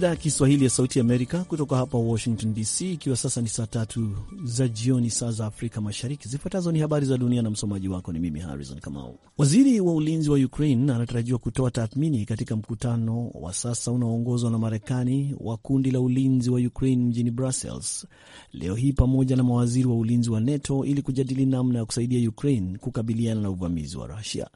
idhaa ya Kiswahili ya Sauti Amerika kutoka hapa Washington DC, ikiwa sasa ni saa tatu za jioni saa za Afrika Mashariki. Zifuatazo ni habari za dunia na msomaji wako ni mimi Harrison Kamau. Waziri wa ulinzi wa Ukraine anatarajiwa kutoa tathmini katika mkutano wa sasa unaoongozwa na Marekani wa kundi la ulinzi wa Ukraine mjini Brussels leo hii pamoja na mawaziri wa ulinzi wa NATO ili kujadili namna ya kusaidia Ukraine kukabiliana na uvamizi wa Rusia.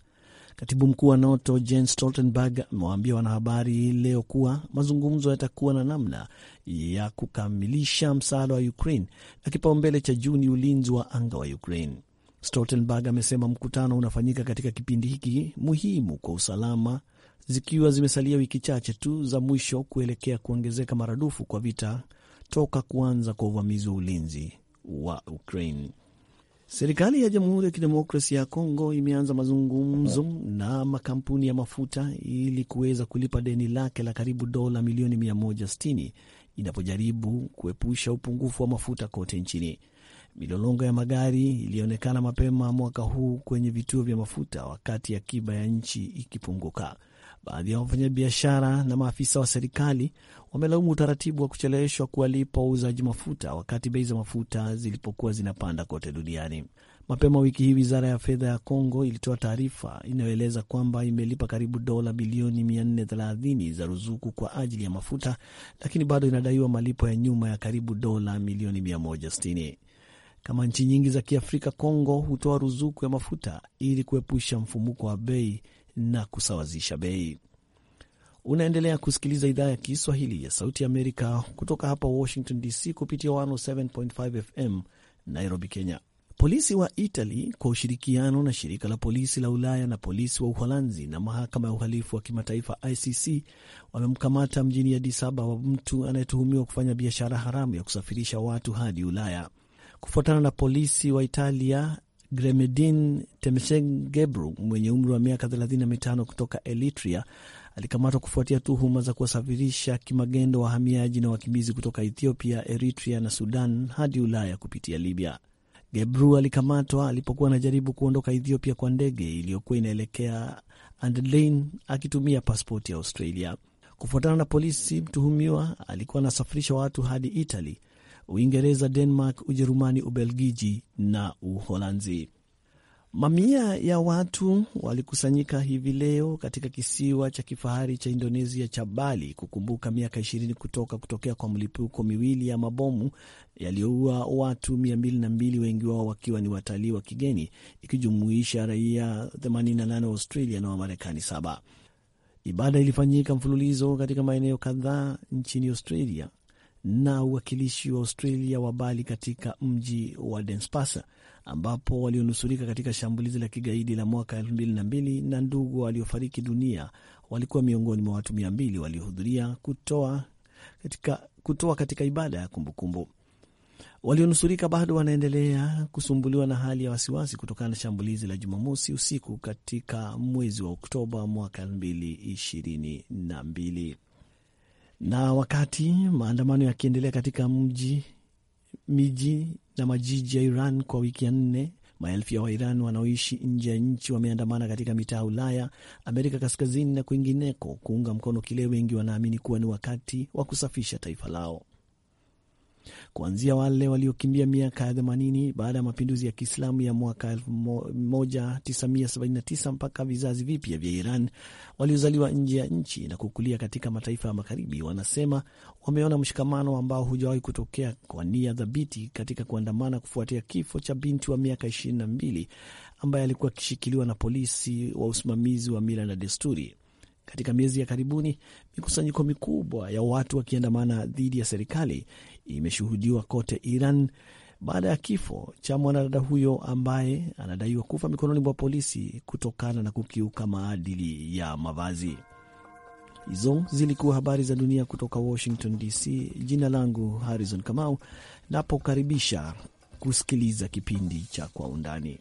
Katibu mkuu wa NATO Jens Stoltenberg amewaambia wanahabari leo kuwa mazungumzo yatakuwa na namna ya kukamilisha msaada wa Ukraine na kipaumbele cha juu ni ulinzi wa anga wa Ukraine. Stoltenberg amesema mkutano unafanyika katika kipindi hiki muhimu kwa usalama, zikiwa zimesalia wiki chache tu za mwisho kuelekea kuongezeka maradufu kwa vita toka kuanza kwa uvamizi wa ulinzi wa Ukraine. Serikali ya Jamhuri ya Kidemokrasia ya Kongo imeanza mazungumzo na makampuni ya mafuta ili kuweza kulipa deni lake la karibu dola milioni 160 inapojaribu kuepusha upungufu wa mafuta kote nchini. Milolongo ya magari ilionekana mapema mwaka huu kwenye vituo vya mafuta wakati akiba ya nchi ikipunguka. Baadhi ya wafanyabiashara na maafisa wa serikali wamelaumu utaratibu wa kucheleweshwa kuwalipa wauzaji mafuta wakati bei za mafuta zilipokuwa zinapanda kote duniani. Mapema wiki hii wizara ya fedha ya Kongo ilitoa taarifa inayoeleza kwamba imelipa karibu dola bilioni 430 za ruzuku kwa ajili ya mafuta, lakini bado inadaiwa malipo ya nyuma ya karibu dola milioni 160. Kama nchi nyingi za Kiafrika, Kongo hutoa ruzuku ya mafuta ili kuepusha mfumuko wa bei na kusawazisha bei. Unaendelea kusikiliza idhaa ya Kiswahili ya Sauti ya Amerika kutoka hapa Washington DC kupitia 107.5 FM Nairobi, Kenya. Polisi wa Itali kwa ushirikiano na shirika la polisi la Ulaya na polisi wa Uholanzi na mahakama ya uhalifu wa kimataifa ICC wamemkamata mjini Addis Ababa mtu anayetuhumiwa kufanya biashara haramu ya kusafirisha watu hadi Ulaya. Kufuatana na polisi wa Italia, Gremedin Temesgengebru mwenye umri wa miaka 35 kutoka Eritrea alikamatwa kufuatia tuhuma za kuwasafirisha kimagendo wahamiaji na wakimbizi kutoka Ethiopia, Eritrea na Sudan hadi Ulaya kupitia Libya. Gebru alikamatwa alipokuwa anajaribu kuondoka Ethiopia kwa ndege iliyokuwa inaelekea Adelaide akitumia paspoti ya Australia. Kufuatana na polisi, mtuhumiwa alikuwa anasafirisha watu hadi Italy Uingereza, Denmark, Ujerumani, Ubelgiji na Uholanzi. Mamia ya watu walikusanyika hivi leo katika kisiwa cha kifahari cha Indonesia cha Bali kukumbuka miaka ishirini kutoka kutokea kwa mlipuko miwili ya mabomu yaliyoua watu mia mbili na mbili, wengi wao wakiwa ni watalii wa kigeni ikijumuisha raia 88 wa Australia na Wamarekani saba. Ibada ilifanyika mfululizo katika maeneo kadhaa nchini Australia na uwakilishi wa Australia wa Bali katika mji wa denspasa ambapo walionusurika katika shambulizi la kigaidi la mwaka 2002 na ndugu waliofariki dunia walikuwa miongoni mwa watu 200 waliohudhuria kutoa katika, kutoa katika ibada ya kumbukumbu. Walionusurika bado wanaendelea kusumbuliwa na hali ya wasiwasi kutokana na shambulizi la Jumamosi usiku katika mwezi wa Oktoba mwaka 2022. Na wakati maandamano yakiendelea katika mji miji na majiji ya Iran kwa wiki ya nne, maelfu ya wairan wanaoishi nje ya nchi wameandamana katika mitaa ya Ulaya, Amerika Kaskazini na kwingineko kuunga mkono kile wengi wanaamini kuwa ni wakati wa kusafisha taifa lao kuanzia wale waliokimbia miaka ya 80 baada ya mapinduzi ya Kiislamu ya mwaka 1979 mpaka vizazi vipya vya Iran waliozaliwa nje ya nchi na kukulia katika mataifa ya Magharibi. Wanasema wameona mshikamano ambao hujawahi kutokea kwa nia dhabiti katika kuandamana kufuatia kifo cha binti wa miaka 22 ambaye alikuwa akishikiliwa na polisi wa usimamizi wa mila na desturi. Katika miezi ya karibuni, mikusanyiko mikubwa ya watu wakiandamana dhidi ya serikali imeshuhudiwa kote Iran baada ya kifo cha mwanadada huyo ambaye anadaiwa kufa mikononi mwa polisi kutokana na kukiuka maadili ya mavazi. Hizo zilikuwa habari za dunia kutoka Washington DC. Jina langu Harrison Kamau, napokaribisha kusikiliza kipindi cha Kwa Undani.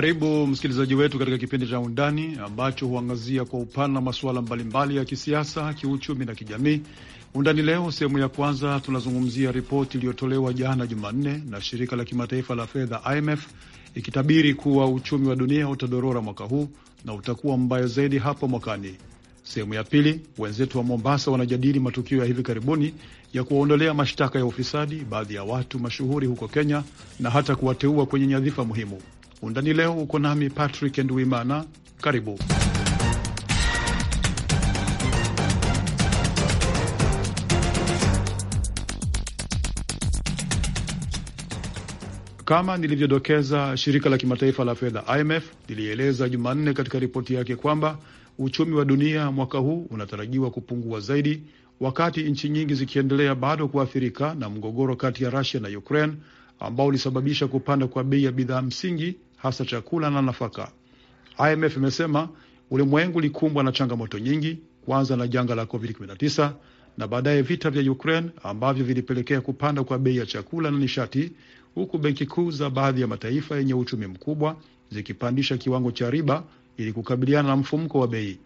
Karibu msikilizaji wetu katika kipindi cha Undani ambacho huangazia kwa upana masuala mbalimbali ya kisiasa, kiuchumi na kijamii. Undani leo, sehemu ya kwanza, tunazungumzia ripoti iliyotolewa jana Jumanne na shirika la kimataifa la fedha IMF ikitabiri kuwa uchumi wa dunia utadorora mwaka huu na utakuwa mbaya zaidi hapo mwakani. Sehemu ya pili, wenzetu wa Mombasa wanajadili matukio ya hivi karibuni ya kuwaondolea mashtaka ya ufisadi baadhi ya watu mashuhuri huko Kenya na hata kuwateua kwenye nyadhifa muhimu. Undani leo uko nami Patrick Nduimana. Karibu Kama nilivyodokeza, shirika la kimataifa la fedha IMF lilieleza Jumanne katika ripoti yake kwamba uchumi wa dunia mwaka huu unatarajiwa kupungua zaidi, wakati nchi nyingi zikiendelea bado kuathirika na mgogoro kati ya Rusia na Ukraine ambao ulisababisha kupanda kwa bei ya bidhaa msingi hasa chakula na nafaka. IMF imesema ulimwengu likumbwa na changamoto nyingi, kwanza na janga la COVID-19 na baadaye vita vya Ukraine ambavyo vilipelekea kupanda kwa bei ya chakula na nishati, huku benki kuu za baadhi ya mataifa yenye uchumi mkubwa zikipandisha kiwango cha riba ili kukabiliana na mfumko wa bei.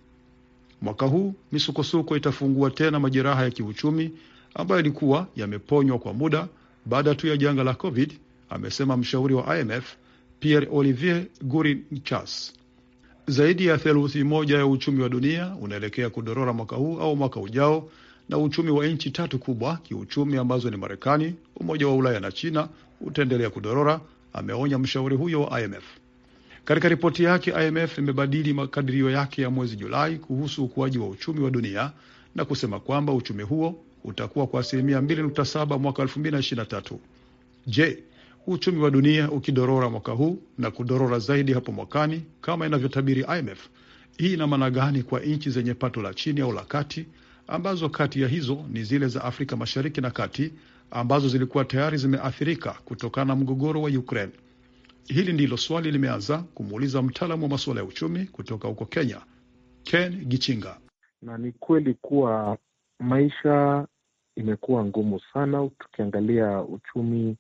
Mwaka huu misukosuko itafungua tena majeraha ya kiuchumi ambayo ilikuwa yameponywa kwa muda baada tu ya janga la COVID, amesema mshauri wa IMF Pierre Olivier Gourinchas. Zaidi ya theluthi moja ya uchumi wa dunia unaelekea kudorora mwaka huu au mwaka ujao, na uchumi wa nchi tatu kubwa kiuchumi ambazo ni Marekani, Umoja wa Ulaya na China utaendelea kudorora, ameonya mshauri huyo wa IMF. Katika ripoti yake, IMF imebadili makadirio yake ya mwezi Julai kuhusu ukuaji wa uchumi wa dunia na kusema kwamba uchumi huo utakuwa kwa asilimia 2.7 mwaka 2023. Je, uchumi wa dunia ukidorora mwaka huu na kudorora zaidi hapo mwakani kama inavyotabiri IMF. Hii ina maana gani kwa nchi zenye pato la chini au la kati, ambazo kati ya hizo ni zile za Afrika Mashariki na Kati ambazo zilikuwa tayari zimeathirika kutokana na mgogoro wa Ukraine? Hili ndilo swali limeanza kumuuliza mtaalamu wa masuala ya uchumi kutoka huko Kenya, Ken Gichinga. Na ni kweli kuwa maisha imekuwa ngumu sana, tukiangalia uchumi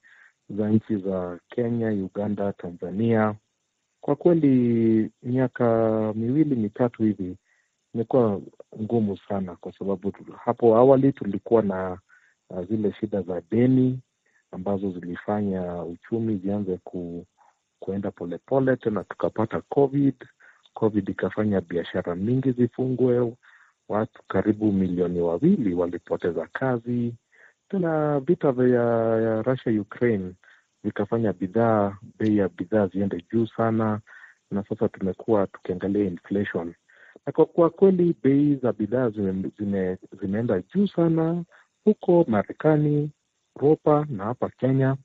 za nchi za Kenya, Uganda, Tanzania. Kwa kweli miaka miwili mitatu hivi imekuwa ngumu sana, kwa sababu hapo awali tulikuwa na zile shida za deni ambazo zilifanya uchumi zianze ku, kuenda polepole tena, tukapata COVID. COVID ikafanya biashara mingi zifungwe, watu karibu milioni wawili walipoteza kazi, tuna vita vya Russia Ukraine vikafanya bidhaa, bei ya bidhaa ziende juu sana, na sasa tumekuwa tukiangalia inflation na kwa, kwa kweli bei za bidhaa zime, zime, zimeenda juu sana huko Marekani, Uropa na hapa Kenya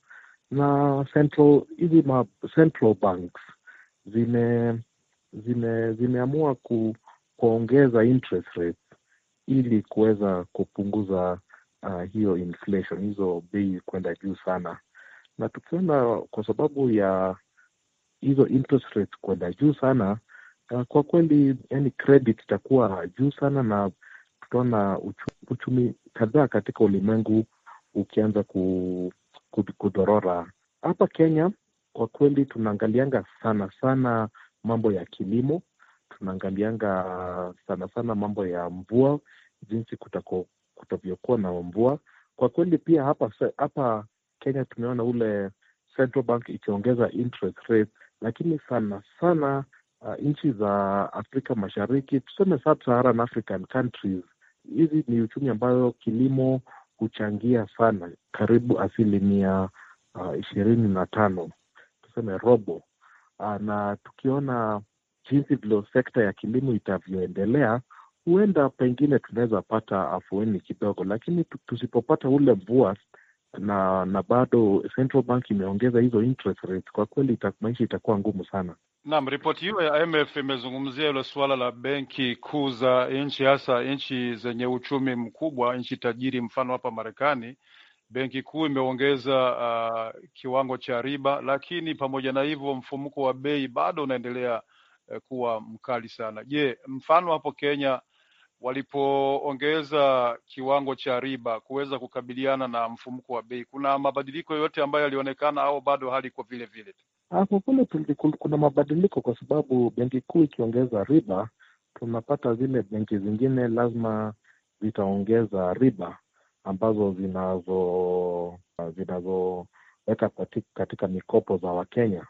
na central hizi ma central banks zime zime zimeamua ku, kuongeza interest rates ili kuweza kupunguza uh, hiyo inflation, hizo bei kwenda juu sana, na tukiona kwa sababu ya hizo interest kwenda juu sana uh, kwa kweli, yani credit itakuwa juu sana, na tutaona uchumi kadhaa katika ulimwengu ukianza kudhorora Hapa Kenya kwa kweli tunaangalianga sana sana mambo ya kilimo, tunaangalianga sana sana mambo ya mvua, jinsi kutovyokuwa na mvua. Kwa kweli pia hapa hapa Kenya tumeona ule central bank ikiongeza interest rate, lakini sana sana uh, nchi za Afrika Mashariki tuseme sub-Saharan African countries, hizi ni uchumi ambayo kilimo huchangia sana, karibu asilimia uh, ishirini uh, na tano tuseme robo uh, na tukiona jinsi vile sekta ya kilimo itavyoendelea huenda pengine tunaweza pata afueni kidogo, lakini tusipopata ule mvua na na bado Central Bank imeongeza hizo interest kwa kweli ita, maisha itakuwa ngumu sana. Naam, ripoti hiyo ya IMF imezungumzia ilo suala la benki kuu za nchi, hasa nchi zenye uchumi mkubwa, nchi tajiri, mfano hapa Marekani benki kuu imeongeza uh, kiwango cha riba, lakini pamoja na hivyo mfumuko wa bei bado unaendelea uh, kuwa mkali sana. Je, mfano hapo Kenya walipoongeza kiwango cha riba kuweza kukabiliana na mfumko wa bei, kuna mabadiliko yoyote ambayo yalionekana au bado hali iko vile vile? Ah, kwa kule kuna mabadiliko, kwa sababu benki kuu ikiongeza riba, tunapata zile benki zingine lazima zitaongeza riba ambazo zinazo zinazoweka katika mikopo za Wakenya,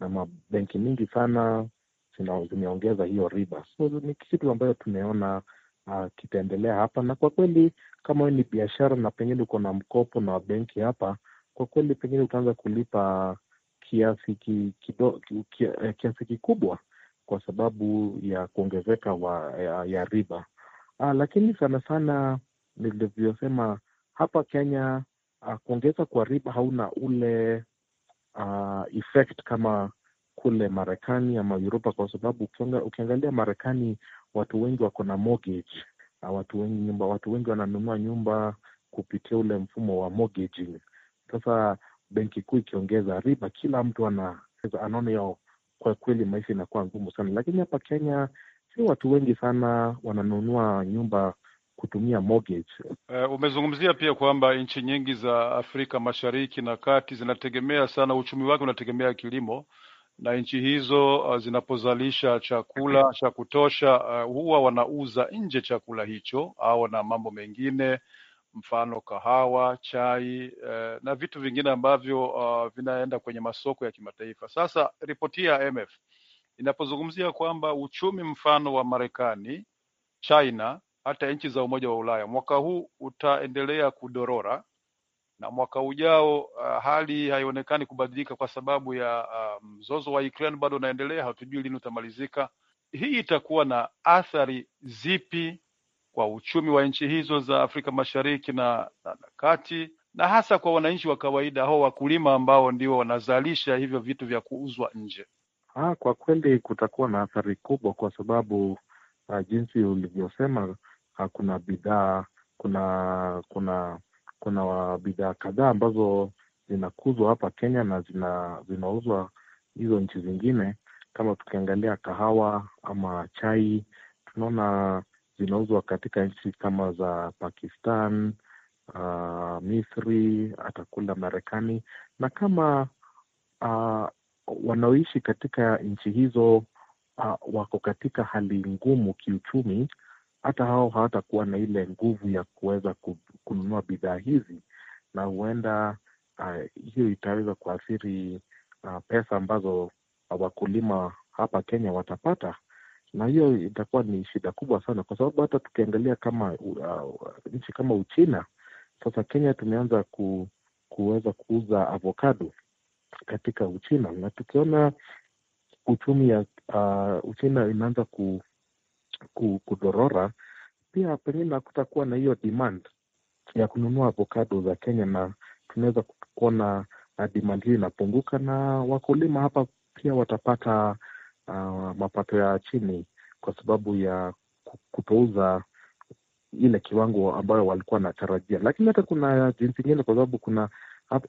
na mabenki mingi sana zimeongeza hiyo riba, so ni kitu ambayo tumeona Ah, kitaendelea hapa, na kwa kweli kama ni biashara na pengine uko na mkopo na benki hapa, kwa kweli pengine utaanza kulipa kiasi kido, eh, kiasi kikubwa kwa sababu ya kuongezeka ya, ya riba ah, lakini sana sana nilivyosema hapa Kenya ah, kuongeza kwa riba hauna ule ah, effect kama kule Marekani ama Uropa, kwa sababu ukiangalia Marekani watu wengi wako na mortgage na watu wengi nyumba, watu wengi wananunua nyumba kupitia ule mfumo wa mortgaging. Sasa benki kuu ikiongeza riba, kila mtu ana anaona hiyo, kwa kweli maisha inakuwa ngumu sana. Lakini hapa Kenya sio watu wengi sana wananunua nyumba kutumia mortgage. Uh, umezungumzia pia kwamba nchi nyingi za Afrika Mashariki na Kati zinategemea sana uchumi wake unategemea kilimo na nchi hizo uh, zinapozalisha chakula cha kutosha uh, huwa wanauza nje chakula hicho au na mambo mengine, mfano kahawa, chai uh, na vitu vingine ambavyo uh, vinaenda kwenye masoko ya kimataifa. Sasa ripoti ya mf inapozungumzia kwamba uchumi mfano wa Marekani, China, hata nchi za Umoja wa Ulaya mwaka huu utaendelea kudorora na mwaka ujao uh, hali haionekani kubadilika kwa sababu ya uh, mzozo wa Ukraine bado unaendelea, hatujui lini utamalizika. Hii itakuwa na athari zipi kwa uchumi wa nchi hizo za Afrika Mashariki na, na, na kati na hasa kwa wananchi wa kawaida hao wakulima ambao ndio wanazalisha hivyo vitu vya kuuzwa nje? Ha, ah, kwa kweli kutakuwa na athari kubwa kwa sababu uh, jinsi ulivyosema, uh, kuna bidhaa kuna kuna kuna bidhaa kadhaa ambazo zinakuzwa hapa Kenya na zina, zinauzwa hizo nchi zingine. Kama tukiangalia kahawa ama chai, tunaona zinauzwa katika nchi kama za Pakistan, uh, Misri, hata kule Marekani na kama uh, wanaoishi katika nchi hizo uh, wako katika hali ngumu kiuchumi, hata hao hawatakuwa na ile nguvu ya kuweza kununua bidhaa hizi, na huenda ah, hiyo uh, itaweza kuathiri uh, pesa ambazo wakulima hapa Kenya watapata, na hiyo itakuwa ni shida kubwa sana, kwa sababu hata tukiangalia kama uh, nchi kama Uchina, sasa Kenya tumeanza ku, kuweza kuuza avokado katika Uchina, na tukiona uchumi ya uh, Uchina inaanza ku, ku, kudorora, pia pengine hakutakuwa na hiyo demand ya kununua avocado za Kenya, na tunaweza kuona ah, demand hiyo inapunguka, na wakulima hapa pia watapata uh, mapato ya chini kwa sababu ya kutouza ile kiwango ambayo walikuwa wanatarajia. Lakini hata kuna jinsi ingine, kwa sababu kuna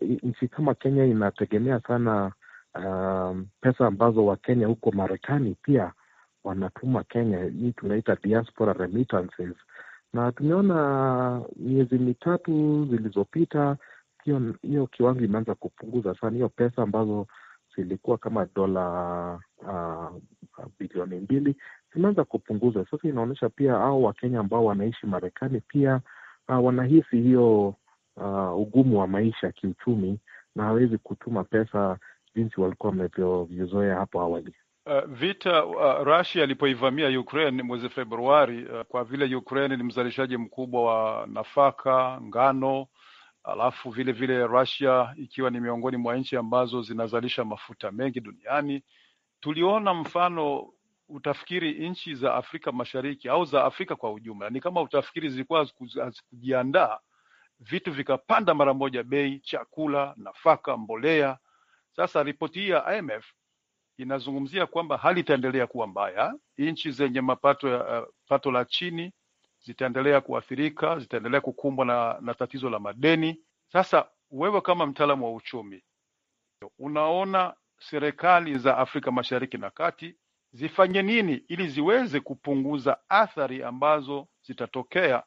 nchi kama Kenya inategemea sana uh, pesa ambazo Wakenya huko Marekani pia wanatuma Kenya. Hii tunaita diaspora remittances na tumeona miezi mitatu zilizopita hiyo kiwango imeanza kupunguza sana, hiyo pesa ambazo zilikuwa kama dola uh, bilioni mbili zimeanza kupunguza sasa. Inaonyesha pia au Wakenya ambao wanaishi Marekani pia uh, wanahisi hiyo uh, ugumu wa maisha kiuchumi, na hawezi kutuma pesa jinsi walikuwa wamevyozoea hapo awali. Uh, vita uh, Russia ilipoivamia Ukraine mwezi Februari uh, kwa vile Ukraine ni mzalishaji mkubwa wa nafaka, ngano, alafu vile vile Russia ikiwa ni miongoni mwa nchi ambazo zinazalisha mafuta mengi duniani, tuliona mfano utafikiri nchi za Afrika Mashariki au za Afrika kwa ujumla ni kama utafikiri zilikuwa hazikujiandaa, vitu vikapanda mara moja bei, chakula, nafaka, mbolea. Sasa ripoti hii ya IMF inazungumzia kwamba hali itaendelea kuwa mbaya, nchi zenye mapato ya uh, pato la chini zitaendelea kuathirika, zitaendelea kukumbwa na, na tatizo la madeni. Sasa wewe kama mtaalamu wa uchumi unaona serikali za Afrika Mashariki na Kati zifanye nini ili ziweze kupunguza athari ambazo zitatokea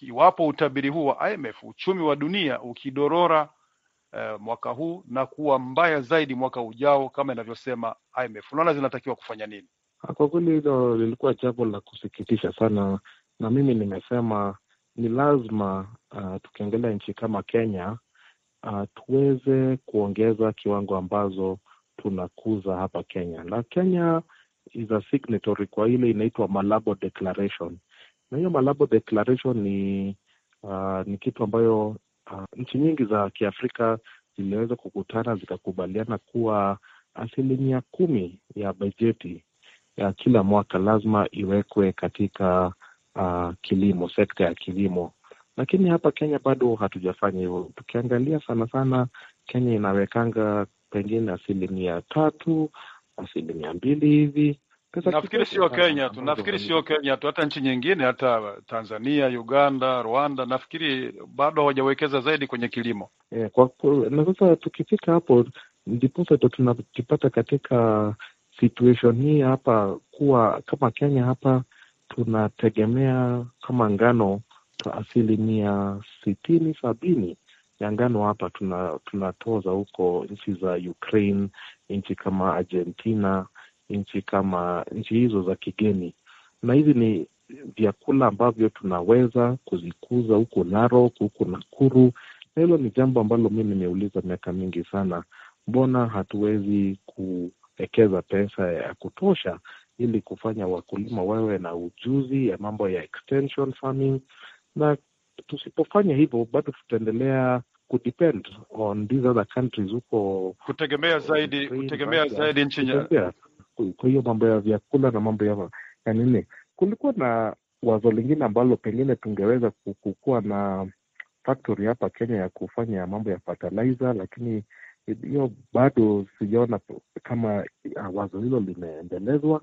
iwapo utabiri huu wa IMF uchumi wa dunia ukidorora eh, mwaka huu na kuwa mbaya zaidi mwaka ujao kama inavyosema IMF? Unaona zinatakiwa kufanya nini? Ah, kwa kweli hilo lilikuwa jambo la kusikitisha sana, na mimi nimesema ni lazima uh, ah, tukiongelea nchi kama Kenya uh, tuweze kuongeza kiwango ambazo tunakuza hapa Kenya, na Kenya is a signatory kwa ile inaitwa Malabo Declaration, na hiyo Malabo Declaration ni uh, ni kitu ambayo uh, nchi nyingi za Kiafrika ziliweza kukutana zikakubaliana kuwa asilimia kumi ya bajeti ya kila mwaka lazima iwekwe katika uh, kilimo, sekta ya kilimo, lakini hapa Kenya bado hatujafanya hivyo. Tukiangalia sana sana, Kenya inawekanga pengine asilimia tatu, asilimia mbili hivi nafikiri sio Kenya tu, nafikiri sio Kenya tu, hata nchi nyingine, hata Tanzania, Uganda, Rwanda, nafikiri bado hawajawekeza zaidi kwenye kilimo. Yeah, kwa, na sasa tukifika hapo Ndiposa ndo tunajipata katika situation hii hapa, kuwa kama Kenya hapa tunategemea kama ngano asilimia sitini sabini ya ngano hapa tunatoza huko nchi za Ukraine, nchi kama Argentina, nchi kama nchi hizo za kigeni, na hivi ni vyakula ambavyo tunaweza kuzikuza huku Narok, huku Nakuru, na hilo ni jambo ambalo mi nimeuliza miaka mingi sana, mbona hatuwezi kuwekeza pesa ya kutosha ili kufanya wakulima wawe na ujuzi ya mambo ya extension farming, na tusipofanya hivyo bado tutaendelea kudepend on these other countries huko kutegemea zaidi kutegemea zaidi nchi Kwa hiyo mambo ya vyakula na mambo ya ya nini, kulikuwa na wazo lingine ambalo pengine tungeweza kukuwa na factory hapa Kenya ya kufanya mambo ya fertilizer, lakini hiyo bado sijaona kama ah, wazo hilo limeendelezwa.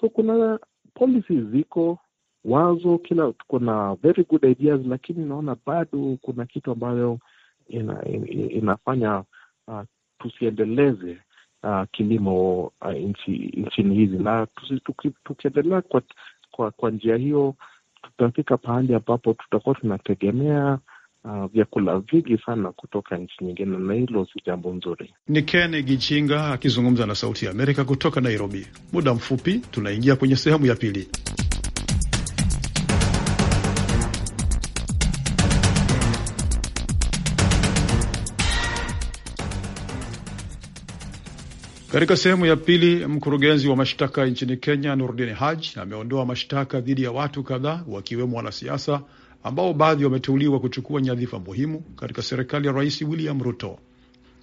So kuna policies ziko wazo kila, kuna very good ideas, lakini naona bado kuna kitu ambayo ina, ina, inafanya uh, tusiendeleze uh, kilimo uh, nchini hizi, na tukiendelea kwa, kwa, kwa njia hiyo tutafika pahali ambapo tutakuwa tunategemea uh, vyakula vingi sana kutoka nchi nyingine, na hilo si jambo nzuri. Ni Ken Gichinga akizungumza na Sauti ya Amerika kutoka Nairobi. Muda mfupi tunaingia kwenye sehemu ya pili. Katika sehemu ya pili, mkurugenzi wa mashtaka nchini Kenya Nurdin haj ameondoa mashtaka dhidi ya watu kadhaa wakiwemo wanasiasa ambao baadhi wameteuliwa kuchukua nyadhifa muhimu katika serikali ya Rais William Ruto.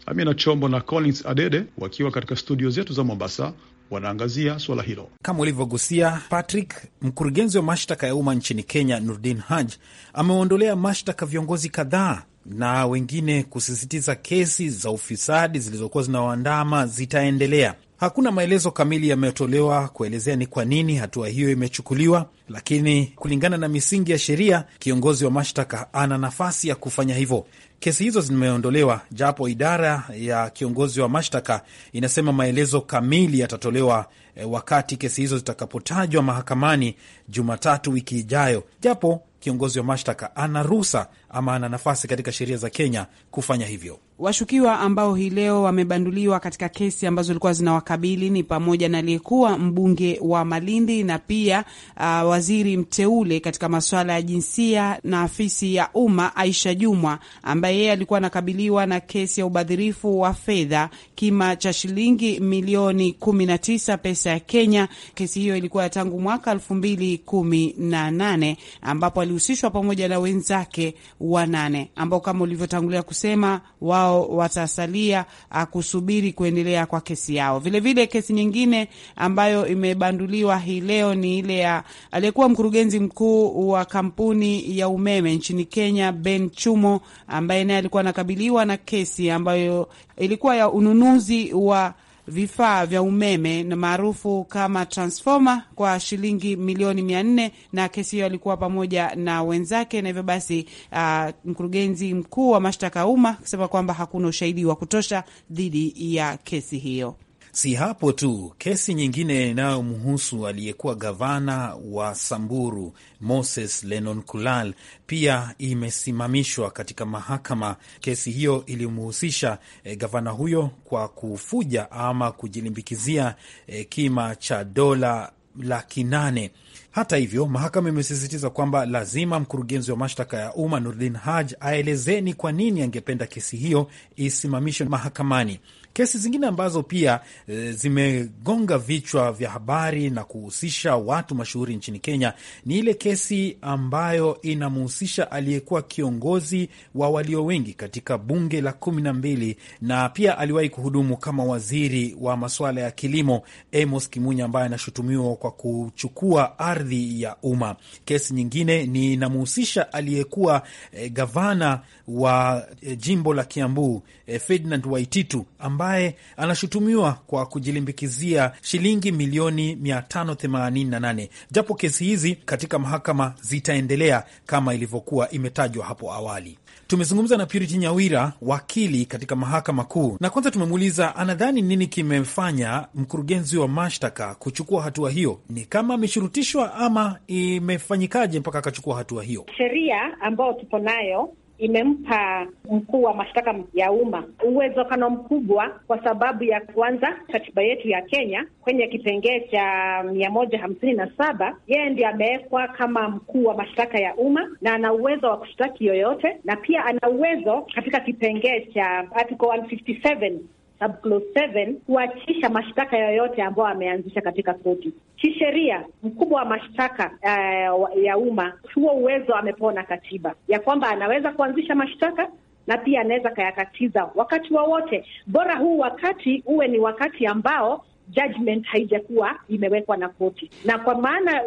Amina Chombo na Collins Adede wakiwa katika studio zetu za Mombasa wanaangazia suala hilo. Kama ulivyogusia Patrick, mkurugenzi wa mashtaka ya umma nchini Kenya Nurdin haj ameondolea mashtaka viongozi kadhaa na wengine kusisitiza kesi za ufisadi zilizokuwa zinawaandama zitaendelea. Hakuna maelezo kamili yametolewa kuelezea ni kwa nini hatua hiyo imechukuliwa, lakini kulingana na misingi ya sheria, kiongozi wa mashtaka ana nafasi ya kufanya hivyo. Kesi hizo zimeondolewa, japo idara ya kiongozi wa mashtaka inasema maelezo kamili yatatolewa e, wakati kesi hizo zitakapotajwa mahakamani Jumatatu wiki ijayo, japo kiongozi wa mashtaka ana ruhusa ama ana nafasi katika sheria za Kenya kufanya hivyo. Washukiwa ambao hii leo wamebanduliwa katika kesi ambazo zilikuwa zinawakabili ni pamoja na aliyekuwa mbunge wa Malindi na pia uh, waziri mteule katika masuala ya jinsia na afisi ya umma Aisha Jumwa, ambaye yeye alikuwa anakabiliwa na kesi ya ubadhirifu wa fedha kima cha shilingi milioni 19 pesa ya Kenya. Kesi hiyo ilikuwa ya tangu mwaka 2018 ambapo alihusishwa pamoja na wenzake wanane ambao kama ulivyotangulia kusema wao watasalia ah, kusubiri kuendelea kwa kesi yao. Vilevile vile kesi nyingine ambayo imebanduliwa hii leo ni ile ya aliyekuwa mkurugenzi mkuu wa kampuni ya umeme nchini Kenya, Ben Chumo, ambaye naye alikuwa anakabiliwa na kesi ambayo ilikuwa ya ununuzi wa vifaa vya umeme na maarufu kama transfoma kwa shilingi milioni mia nne na kesi hiyo alikuwa pamoja na wenzake, na hivyo basi uh, mkurugenzi mkuu wa mashtaka ya umma kusema kwamba hakuna ushahidi wa kutosha dhidi ya kesi hiyo. Si hapo tu, kesi nyingine inayomhusu aliyekuwa gavana wa Samburu Moses lenon Kulal pia imesimamishwa katika mahakama. Kesi hiyo ilimhusisha eh, gavana huyo kwa kufuja ama kujilimbikizia eh, kima cha dola laki nane. Hata hivyo, mahakama imesisitiza kwamba lazima mkurugenzi wa mashtaka ya umma Nurdin Haj aelezeni kwa nini angependa kesi hiyo isimamishwe mahakamani. Kesi zingine ambazo pia e, zimegonga vichwa vya habari na kuhusisha watu mashuhuri nchini Kenya ni ile kesi ambayo inamhusisha aliyekuwa kiongozi wa walio wengi katika bunge la kumi na mbili na pia aliwahi kuhudumu kama waziri wa masuala ya kilimo Amos Kimunya, ambaye anashutumiwa kwa kuchukua ardhi ya umma. Kesi nyingine ni inamhusisha aliyekuwa e, gavana wa e, jimbo la Kiambu e, Ferdinand Waititu ambaye ambaye anashutumiwa kwa kujilimbikizia shilingi milioni 588, japo kesi hizi katika mahakama zitaendelea kama ilivyokuwa imetajwa hapo awali. Tumezungumza na Purity Nyawira, wakili katika mahakama kuu, na kwanza tumemuuliza anadhani nini kimefanya mkurugenzi wa mashtaka kuchukua hatua hiyo. Ni kama ameshurutishwa ama imefanyikaje mpaka akachukua hatua hiyo? Sheria ambayo tupo nayo imempa mkuu wa mashtaka ya umma uwezekano mkubwa, kwa sababu ya kwanza, katiba yetu ya Kenya kwenye kipengee cha mia moja hamsini na saba yeye ndiye amewekwa kama mkuu wa mashtaka ya umma na ana uwezo wa kushtaki yoyote, na pia ana uwezo katika kipengee cha article 157 sub 7 kuachisha mashtaka yoyote ambayo ameanzisha katika koti. Kisheria, mkubwa wa mashtaka uh, ya umma huo uwezo amepewa na katiba ya kwamba anaweza kuanzisha mashtaka na pia anaweza kayakatiza wakati wowote wa bora huu wakati uwe ni wakati ambao judgment haijakuwa imewekwa na koti, na kwa maana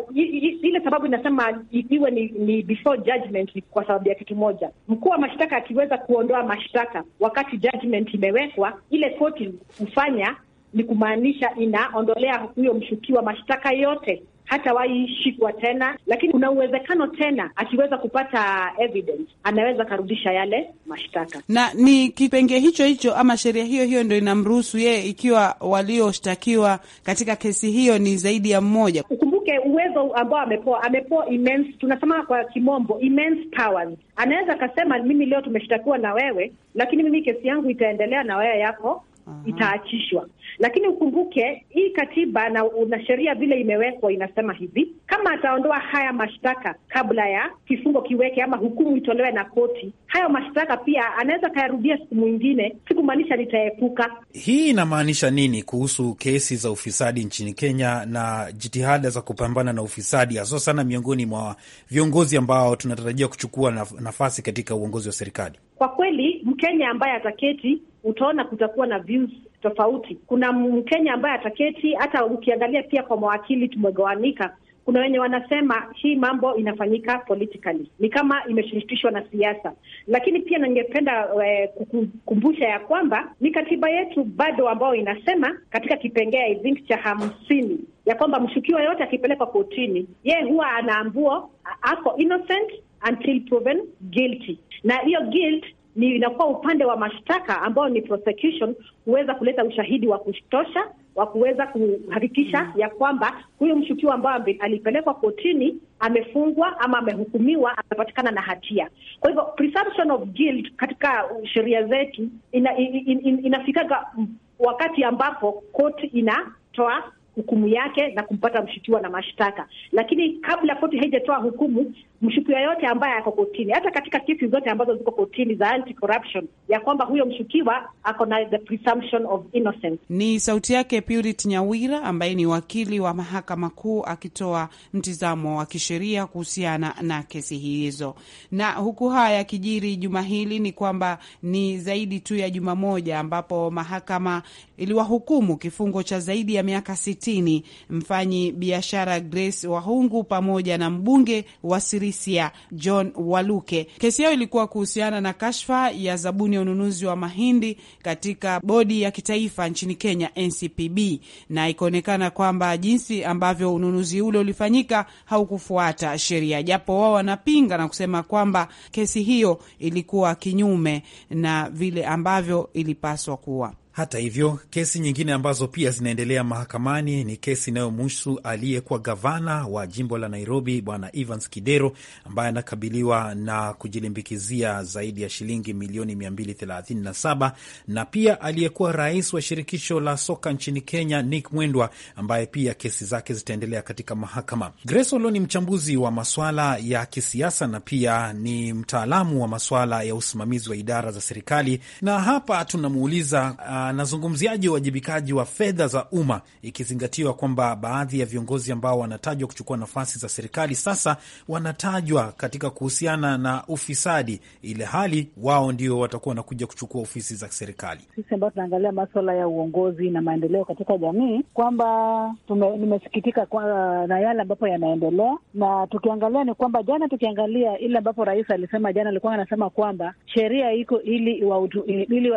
ile sababu inasema iwe ni, ni before judgment, ni kwa sababu ya kitu moja, mkuu wa mashtaka akiweza kuondoa mashtaka wakati judgment imewekwa, ile koti hufanya ni kumaanisha inaondolea huyo mshukiwa mashtaka yote hatawahi shikwa tena, lakini kuna uwezekano tena akiweza kupata evidence anaweza akarudisha yale mashtaka. Na ni kipenge hicho hicho ama sheria hiyo hiyo ndo inamruhusu yeye, ikiwa walioshtakiwa katika kesi hiyo ni zaidi ya mmoja. Ukumbuke uwezo ambao amepoa, amepoa immense, tunasema kwa kimombo immense powers. Anaweza akasema mimi leo tumeshtakiwa na wewe, lakini mimi kesi yangu itaendelea na wewe yako Itaachishwa, lakini ukumbuke hii katiba na, na sheria vile imewekwa inasema hivi, kama ataondoa haya mashtaka kabla ya kifungo kiweke ama hukumu itolewe na koti, hayo mashtaka pia anaweza kayarudia siku mwingine, sikumaanisha nitaepuka. Hii inamaanisha nini kuhusu kesi za ufisadi nchini Kenya na jitihada za kupambana na ufisadi haswa sana miongoni mwa viongozi ambao tunatarajia kuchukua nafasi katika uongozi wa serikali? Kwa kweli Mkenya ambaye ataketi, utaona kutakuwa na views tofauti. Kuna Mkenya ambaye ataketi, hata ukiangalia pia kwa mawakili tumegawanika. Kuna wenye wanasema hii mambo inafanyika politically, ni kama imeshirikishwa na siasa. Lakini pia ningependa eh, kukumbusha ya kwamba ni katiba yetu bado ambayo inasema katika kipengee I think cha hamsini ya kwamba mshukiwa yote akipelekwa kotini, yeye huwa anaambua ako innocent until proven guilty na hiyo guilt ni inakuwa upande wa mashtaka ambao ni prosecution huweza kuleta ushahidi wa kutosha wa kuweza kuhakikisha mm. ya kwamba huyo mshukiwa ambaye alipelekwa kotini amefungwa ama amehukumiwa, amepatikana na hatia. Kwa hivyo presumption of guilt katika sheria zetu ina, in, in, in, inafikaga wakati ambapo koti inatoa hukumu yake na kumpata mshukiwa na mashtaka. Lakini kabla koti haijatoa hukumu, mshukiwa yote ambaye ako kotini, hata katika kesi zote ambazo ziko kotini za anti corruption, ya kwamba huyo mshukiwa ako na the presumption of innocence. Ni sauti yake Purity Nyawira ambaye ni wakili wa mahakama kuu akitoa mtizamo wa kisheria kuhusiana na kesi hizo. Na huku haya yakijiri juma hili, ni kwamba ni zaidi tu ya juma moja ambapo mahakama iliwahukumu kifungo cha zaidi ya miaka sitini Kusini, mfanyi biashara Grace Wahungu pamoja na mbunge wa Sirisia John Waluke. Kesi yao ilikuwa kuhusiana na kashfa ya zabuni ya ununuzi wa mahindi katika bodi ya kitaifa nchini Kenya, NCPB, na ikaonekana kwamba jinsi ambavyo ununuzi ule ulifanyika haukufuata sheria, japo wao wanapinga na kusema kwamba kesi hiyo ilikuwa kinyume na vile ambavyo ilipaswa kuwa. Hata hivyo, kesi nyingine ambazo pia zinaendelea mahakamani ni kesi inayomhusu aliyekuwa gavana wa jimbo la Nairobi, Bwana Evans Kidero, ambaye anakabiliwa na kujilimbikizia zaidi ya shilingi milioni 237 na pia aliyekuwa rais wa shirikisho la soka nchini Kenya, Nick Mwendwa, ambaye pia kesi zake zitaendelea katika mahakama. Grace Olo ni mchambuzi wa maswala ya kisiasa na pia ni mtaalamu wa maswala ya usimamizi wa idara za serikali, na hapa tunamuuliza nazungumziaji nazungumziaje uwajibikaji wa fedha za umma ikizingatiwa kwamba baadhi ya viongozi ambao wanatajwa kuchukua nafasi za serikali sasa wanatajwa katika kuhusiana na ufisadi, ile hali wao ndio watakuwa wanakuja kuchukua ofisi za serikali. Sisi ambao tunaangalia maswala ya uongozi na maendeleo katika jamii, kwamba nimesikitika kwa, na yale ambapo yanaendelea, na tukiangalia ni kwamba jana, tukiangalia ile ambapo rais alisema jana, alikuwa anasema kwamba sheria iko ili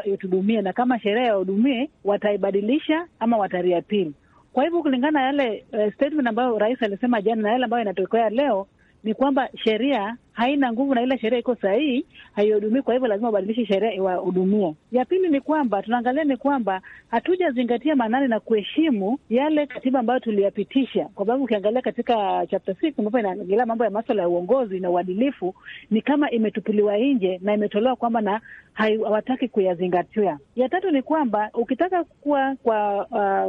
iwahudumie na kama sheria awahudumie wataibadilisha ama watariapili. Kwa hivyo kulingana na yale uh, statement ambayo rais alisema jana na yale ambayo inatokea leo, ni kwamba sheria haina nguvu na ile sheria iko sahihi haihudumii. Kwa hivyo lazima ubadilishi sheria iwahudumie. Ya pili ni kwamba tunaangalia ni kwamba hatujazingatia maanani na kuheshimu yale katiba ambayo tuliyapitisha, kwa sababu ukiangalia katika chapter six ambapo inaangalia mambo ya maswala ya uongozi na uadilifu ni kama imetupiliwa nje na imetolewa kwamba na hawataki kuyazingatia. Ya tatu ni kwamba ukitaka kuwa kwa,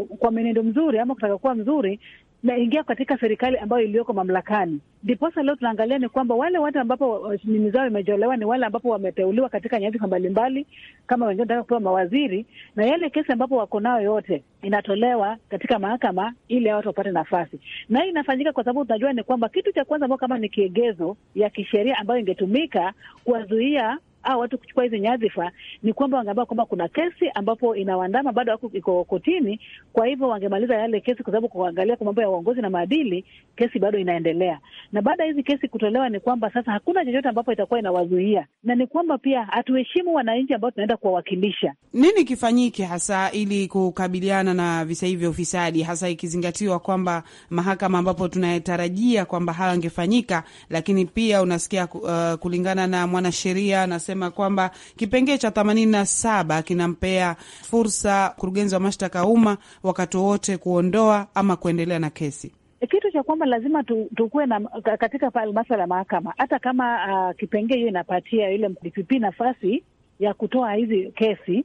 uh, kwa mwenendo mzuri ama kutaka kuwa mzuri naingia katika serikali ambayo iliyoko mamlakani. Ndiposa leo tunaangalia ni kwamba wale watu ambapo nini uh, zao imejolewa ni wale ambapo wameteuliwa katika nyadhifa mbalimbali, kama wengine wanataka kupewa mawaziri, na yale kesi ambapo wako nao yote inatolewa katika mahakama ili hao watu wapate nafasi, na hii inafanyika kwa sababu tunajua ni kwamba kitu cha kwanza ambao kama ni kiegezo ya kisheria ambayo ingetumika kuwazuia au watu kuchukua hizi nyadhifa, ni kwamba wangeambia kwamba kuna kesi ambapo inawandama bado wako iko kotini, kwa hivyo wangemaliza yale kesi, kwa sababu kuangalia kwa mambo ya uongozi na maadili, kesi bado inaendelea. Na baada ya hizi kesi kutolewa, ni kwamba sasa hakuna chochote ambapo itakuwa inawazuia, na ni kwamba pia hatuheshimu wananchi ambao tunaenda kuwawakilisha. Nini kifanyike hasa ili kukabiliana na visa hivi vya ufisadi, hasa ikizingatiwa kwamba mahakama ambapo tunatarajia kwamba hayo angefanyika, lakini pia unasikia uh, kulingana na mwanasheria anasema anasema kwamba kipengee cha 87 na saba kinampea fursa mkurugenzi wa mashtaka ya umma wakati wowote kuondoa ama kuendelea na kesi kitu cha kwamba lazima tu, tukuwe na katika almasala ya mahakama, hata kama uh, kipengee hiyo inapatia yule DPP nafasi ya kutoa hizi kesi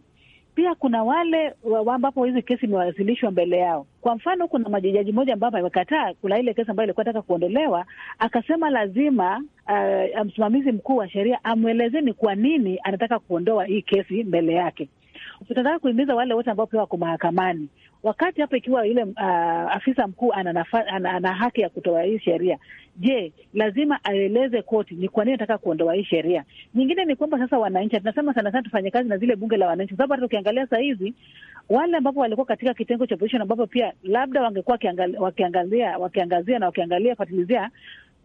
pia kuna wale ambapo hizi kesi imewasilishwa mbele yao. Kwa mfano, kuna majaji moja ambapo amekataa, kuna ile kesi ambayo ilikuwa taka kuondolewa, akasema lazima uh, msimamizi mkuu wa sheria amwelezeni kwa nini anataka kuondoa hii kesi mbele yake tunataka kuhimiza wale wote ambao pia wako mahakamani, wakati hapa, ikiwa yule uh, afisa mkuu ana, ana, ana haki ya kutoa hii sheria, je, lazima aeleze koti ni kwa nini nataka kuondoa hii sheria. Nyingine ni kwamba sasa wananchi, tunasema sana sana tufanye kazi na zile bunge la wananchi, kwa sababu hata ukiangalia saa hizi wale ambapo walikuwa katika kitengo cha opposition ambapo pia labda wangekuwa wakiangalia, wakiangalia, wakiangazia na wakiangalia fatilizia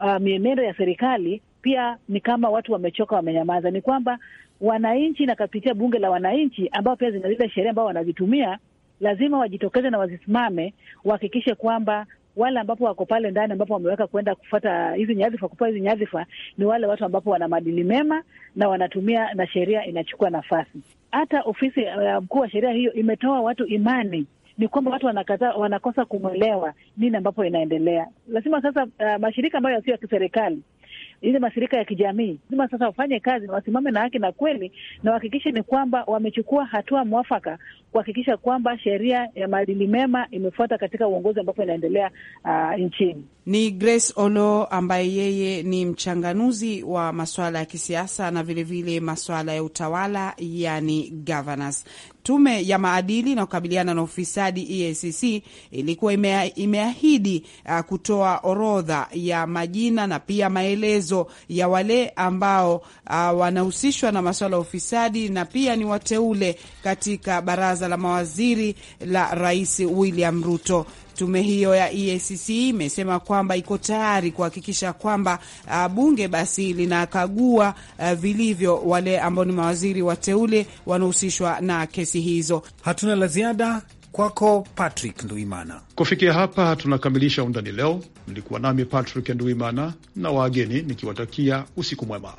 uh, mienendo ya serikali pia ni kama watu wamechoka, wamenyamaza. Ni kwamba wananchi na kapitia bunge la wananchi, ambao pia zina zile sheria ambao wanazitumia, lazima wajitokeze na wazisimame, wahakikishe kwamba wale ambapo wako pale ndani ambapo wameweka kwenda kufata hizi nyadhifa, kupewa hizi nyadhifa ni wale watu ambapo wana maadili mema na wanatumia na sheria inachukua nafasi. Hata ofisi ya mkuu wa sheria hiyo imetoa watu imani ni kwamba watu wanakata, wanakosa kumwelewa nini ambapo inaendelea. Lazima sasa uh, mashirika ambayo yasio ya kiserikali ile mashirika ya kijamii lazima sasa wafanye kazi na wasimame na haki na kweli, na wahakikishe ni kwamba wamechukua hatua mwafaka kuhakikisha kwamba sheria ya maadili mema imefuata katika uongozi ambapo inaendelea uh, ah, nchini. Ni Grace Olo ambaye yeye ni mchanganuzi wa masuala ya kisiasa na vilevile masuala ya utawala, yani governance. Tume ya maadili na kukabiliana na ufisadi EACC ilikuwa imea, imeahidi uh, kutoa orodha ya majina na pia maelezo ya wale ambao uh, wanahusishwa na masuala ya ufisadi na pia ni wateule katika baraza la mawaziri la Rais William Ruto. Tume hiyo ya EACC imesema kwamba iko tayari kuhakikisha kwamba uh, bunge basi linakagua uh, vilivyo wale ambao ni mawaziri wateule wanahusishwa na kesi hizo. Hatuna la ziada. Kwako Patrick Nduimana. Kufikia hapa tunakamilisha undani leo. Mlikuwa nami Patrick Nduimana na wageni nikiwatakia usiku mwema.